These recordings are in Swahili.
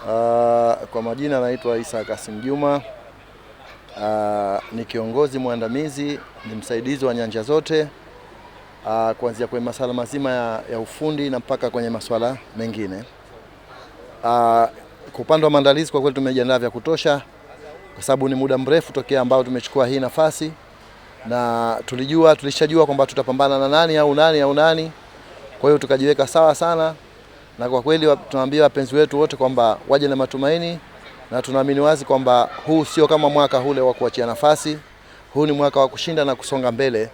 Uh, kwa majina anaitwa Isa Kasim Juma. Uh, ni kiongozi mwandamizi, ni msaidizi wa nyanja zote uh, kuanzia kwenye masuala mazima ya, ya ufundi na mpaka kwenye masuala mengine uh, kwa upande wa maandalizi kwa kweli tumejiandaa vya kutosha, kwa sababu ni muda mrefu tokea ambao tumechukua hii nafasi, na tulijua tulishajua kwamba tutapambana na nani au nani au nani, kwa hiyo tukajiweka sawa sana na kwa kweli tunaambia wapenzi wetu wote kwamba waje na matumaini, na tunaamini wazi kwamba huu sio kama mwaka ule wa kuachia nafasi. Huu ni mwaka wa kushinda na kusonga mbele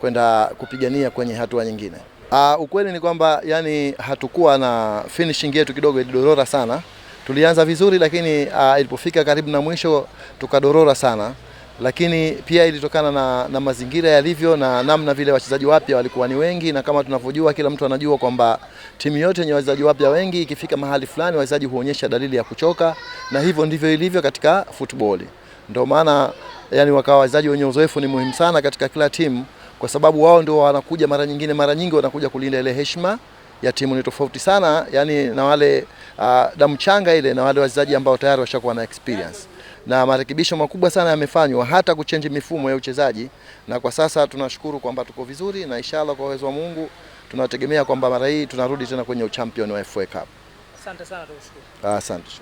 kwenda kupigania kwenye hatua nyingine. Aa, ah, ukweli ni kwamba yani hatukuwa na finishing yetu kidogo ilidorora sana. Tulianza vizuri lakini aa, ah, ilipofika karibu na mwisho tukadorora sana lakini pia ilitokana na, na mazingira yalivyo na namna vile wachezaji wapya walikuwa ni wengi, na kama tunavyojua, kila mtu anajua kwamba timu yote yenye wachezaji wapya wengi ikifika mahali fulani wachezaji huonyesha dalili ya kuchoka, na hivyo ndivyo ilivyo katika futboli. Ndio maana yani, wakawa wachezaji wenye uzoefu ni muhimu sana katika kila timu, kwa sababu wao ndio wanakuja mara nyingine, mara nyingi wanakuja kulinda ile heshima ya timu ni tofauti sana yani na wale uh, damu changa ile na wale wachezaji ambao tayari washakuwa na experience na marekebisho makubwa sana yamefanywa hata kuchenji mifumo ya uchezaji, na kwa sasa tunashukuru kwamba tuko vizuri, na inshallah kwa uwezo wa Mungu tunategemea kwamba mara hii tunarudi tena kwenye uchampion wa FA Cup. Asante sana, tukushukuru. Asante.